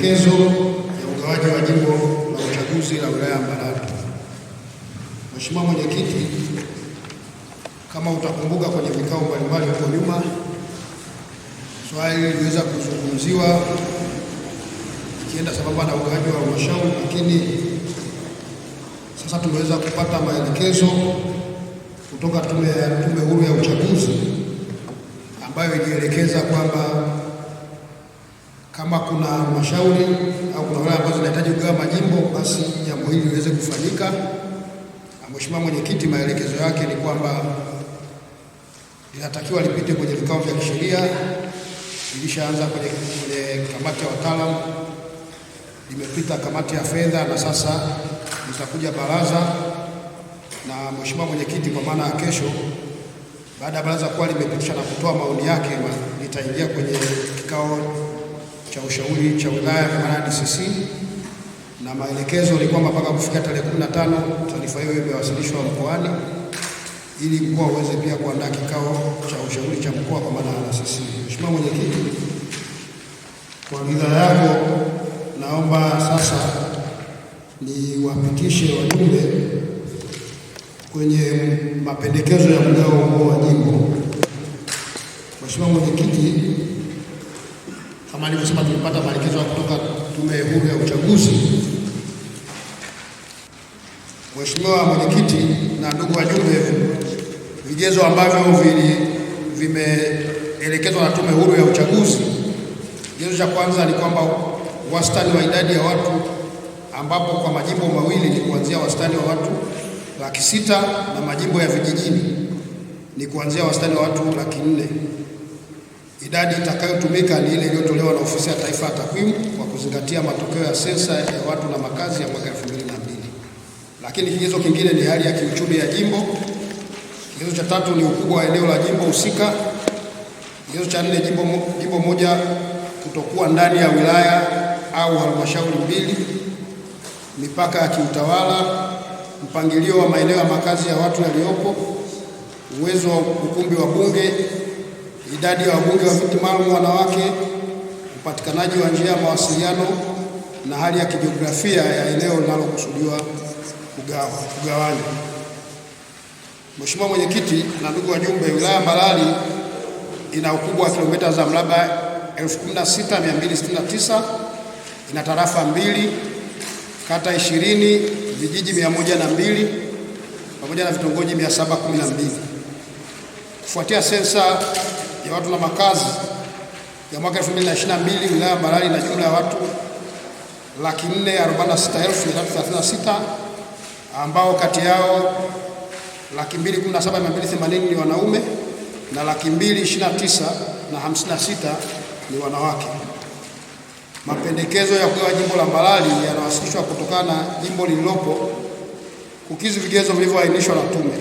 maelekezo ya ugawaji wa jimbo la uchaguzi la wilaya ya Mbarali. Mheshimiwa Mwenyekiti, kama utakumbuka kwenye vikao mbalimbali huko nyuma, swali hili liliweza kuzungumziwa ikienda sababu na ugawaji wa halmashauri, lakini sasa tumeweza kupata maelekezo kutoka Tume Huru ya Uchaguzi ambayo ilielekeza kwamba kama kuna halmashauri au kuna wilaya ambazo zinahitaji kugawa majimbo, basi jambo hili liweze kufanyika. Mheshimiwa Mwenyekiti, maelekezo yake ni kwamba linatakiwa lipite kwenye vikao vya kisheria, ilishaanza kwenye, kwenye kamati ya wataalamu, limepita kamati ya fedha na sasa litakuja baraza. Na Mheshimiwa Mwenyekiti, kwa maana ya kesho, baada ya baraza kuwa limepitisha na kutoa maoni yake, litaingia kwenye kikao cha ushauri cha wilaya ya Mbarali CC, na maelekezo ni kwamba mpaka kufikia tarehe 15 taarifa hiyo imewasilishwa mkoani ili mkoa uweze pia kuandaa kikao cha ushauri cha mkoa kwa maana ya CC. Mheshimiwa Mwenyekiti, kwa ridhaa yako naomba sasa niwapitishe wajumbe kwenye mapendekezo ya mgao huo wa jimbo. Mheshimiwa Mwenyekiti kama alivyosema, tulipata maelekezo kutoka Tume Huru ya Uchaguzi. Mheshimiwa Mwenyekiti na ndugu wajumbe, vigezo ambavyo vimeelekezwa na Tume Huru ya Uchaguzi, kigezo cha kwanza ni kwamba wastani wa idadi ya watu ambapo kwa majimbo mawili ni kuanzia wastani wa watu laki sita na majimbo ya vijijini ni kuanzia wastani wa watu laki nne. Idadi itakayotumika ni ile iliyotolewa na Ofisi ya Taifa ya Takwimu kwa kuzingatia matokeo ya sensa ya watu na makazi ya mwaka 2022. Lakini kigezo kingine ni hali ya kiuchumi ya jimbo. Kigezo cha tatu ni ukubwa wa eneo la jimbo husika. Kigezo cha nne, jimbo, jimbo moja kutokuwa ndani ya wilaya au halmashauri mbili. Mipaka ya kiutawala, mpangilio wa maeneo ya makazi ya watu yaliyopo, uwezo wa ukumbi wa bunge idadi ya wabunge wa viti maalum wanawake, upatikanaji wa njia ya mawasiliano na hali ya kijiografia ya eneo linalokusudiwa kugawanywa. Mheshimiwa Mwenyekiti na ndugu wajumbe, wilaya Mbarali ina ukubwa wa kilomita za mraba 16269 ina tarafa mbili, kata 20, vijiji 102 pamoja na vitongoji 712. Kufuatia sensa watu na makazi ya mwaka 2022 wilaya Mbarali na jumla ya watu laki 446,336 ambao kati yao laki 217,280 ni wanaume na laki 229 na 56 ni wanawake. Mapendekezo ya kugawa jimbo la Mbarali yanawasilishwa kutokana na jimbo lililopo kukizi vigezo vilivyoainishwa na Tume.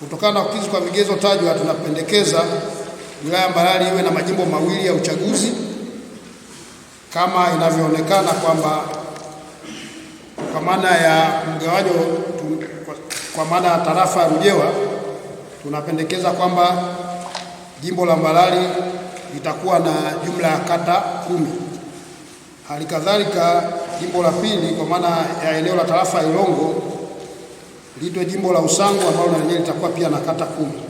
Kutokana na kukizi kwa vigezo tajwa, tunapendekeza wilaya Mbarali iwe na majimbo mawili ya uchaguzi kama inavyoonekana kwamba kwa maana ya mgawanyo kwa maana ya tarafa ya Rujewa, tunapendekeza kwamba jimbo la Mbarali litakuwa na jumla ya kata kumi. halikadhalika jimbo la pili kwa maana ya eneo la tarafa ya Ilongo liitwe jimbo la Usangu ambalo na lenyewe litakuwa pia na kata kumi.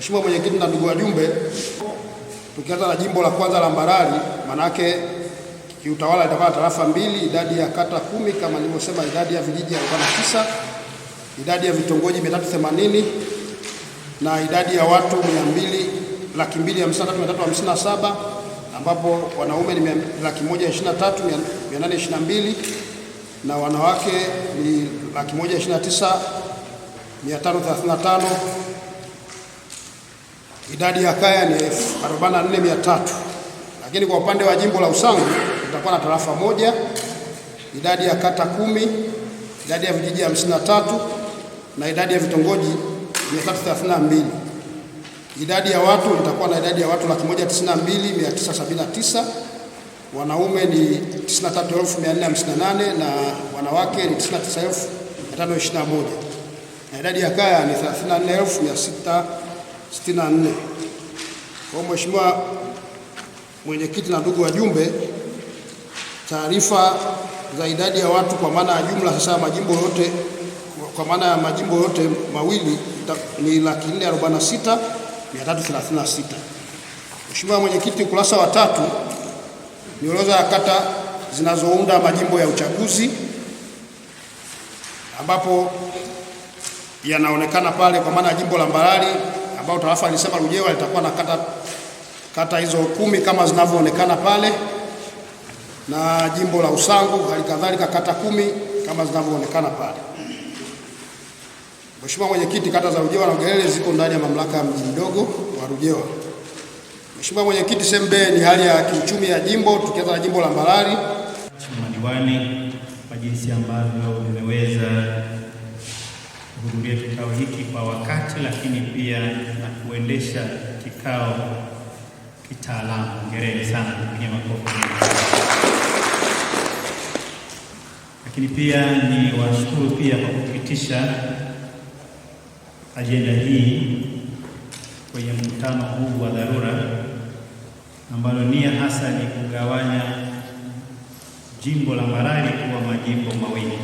Mheshimiwa Mwenyekiti na ndugu wajumbe, tukianza na jimbo la kwanza la Mbarali, manake kiutawala litakuwa na tarafa mbili, idadi ya kata kumi kama nilivyosema, idadi ya vijiji 49, idadi ya vitongoji 380 na idadi ya watu 200 laki mbili hamsini na tatu mia tatu hamsini na saba ambapo wanaume ni laki moja ishirini na tatu mia nane ishirini na mbili na wanawake ni laki moja ishirini na tisa mia tano thelathini na tano idadi ya kaya ni 44,300 lakini kwa upande wa jimbo la Usangu tutakuwa na tarafa moja, idadi ya kata kumi, idadi ya vijiji 53 na idadi ya vitongoji 332. Idadi ya watu itakuwa na idadi ya watu 192979, wanaume ni 93,458 na wanawake ni 99,521 na idadi ya kaya ni 34,600 64. Kwa Mheshimiwa Mwenyekiti na ndugu wajumbe, taarifa za idadi ya watu kwa maana ya jumla sasa majimbo yote kwa maana ya majimbo yote mawili ni laki 446,336. Mheshimiwa Mwenyekiti, ukurasa wa tatu ni orodha ya kata zinazounda majimbo ya uchaguzi ambapo yanaonekana pale kwa maana ya jimbo la Mbarali ambao tarafa alisema rujewa litakuwa na kata, kata hizo kumi kama zinavyoonekana pale na jimbo la Usangu halikadhalika kata kumi kama zinavyoonekana pale. Mheshimiwa Mwenyekiti, kata za Rujewa na Ugelele ziko ndani ya mamlaka ya mji mdogo wa Rujewa. Mheshimiwa Mwenyekiti, sehemu ni hali ya kiuchumi ya jimbo, tukianza na jimbo la Mbarali. diwani, kwa jinsi ambavyo nimeweza kuhudhuria kikao hiki kwa wakati, lakini pia na kuendesha kikao kitaalamu. Hongereni sana kwenye makofi. Lakini pia ni washukuru pia kwa kupitisha ajenda hii kwenye mkutano huu wa dharura, ambalo nia hasa ni kugawanya jimbo la marari kuwa majimbo mawili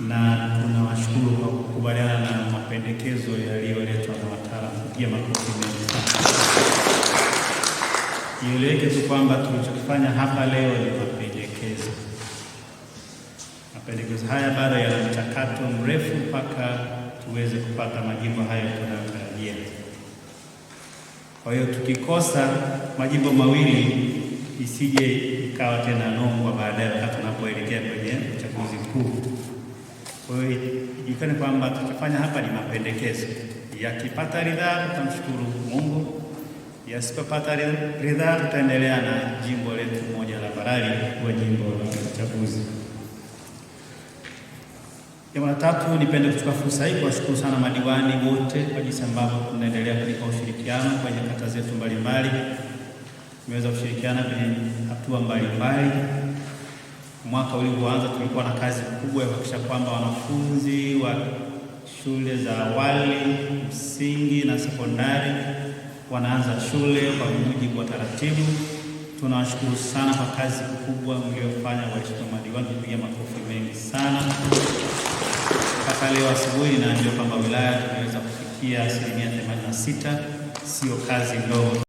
na tunawashukuru kwa kukubaliana na mapendekezo yaliyoletwa na wataalamu. Pia makofi mengi sana. Ieleweke tu kwamba tulichokifanya hapa leo ni mapendekezo. Mapendekezo haya bado yana mchakato mrefu mpaka tuweze kupata majimbo hayo tunayotarajia. Kwa hiyo tukikosa majimbo mawili isije ikawa tena nongwa baadaye wakati tunapoelekea kwenye uchaguzi mkuu. Kwa hiyo ijulikane kwamba tukifanya hapa ni mapendekezo, yakipata ridhaa tutamshukuru Mungu, yasipopata ridhaa tutaendelea na jimbo letu moja la Mbarali kwa jimbo la uchaguzi. Jambo la tatu, nipende kuchukua fursa hii kuwashukuru sana madiwani wote kwa jinsi ambavyo tunaendelea kulipa ushirikiano kwenye kata zetu mbalimbali. Tumeweza kushirikiana kwenye hatua mbalimbali mwaka ulivyoanza tulikuwa na kazi kubwa ya kuhakikisha kwamba wanafunzi wa shule za awali, msingi na sekondari wanaanza shule kwa mujibu wa taratibu. Tunawashukuru sana kwa kazi kubwa mliyofanya, waheshimiwa madiwani, kupiga makofi mengi sana. Mpaka leo asubuhi ninaambiwa kwamba wilaya tumeweza kufikia asilimia 86, sio kazi ndogo.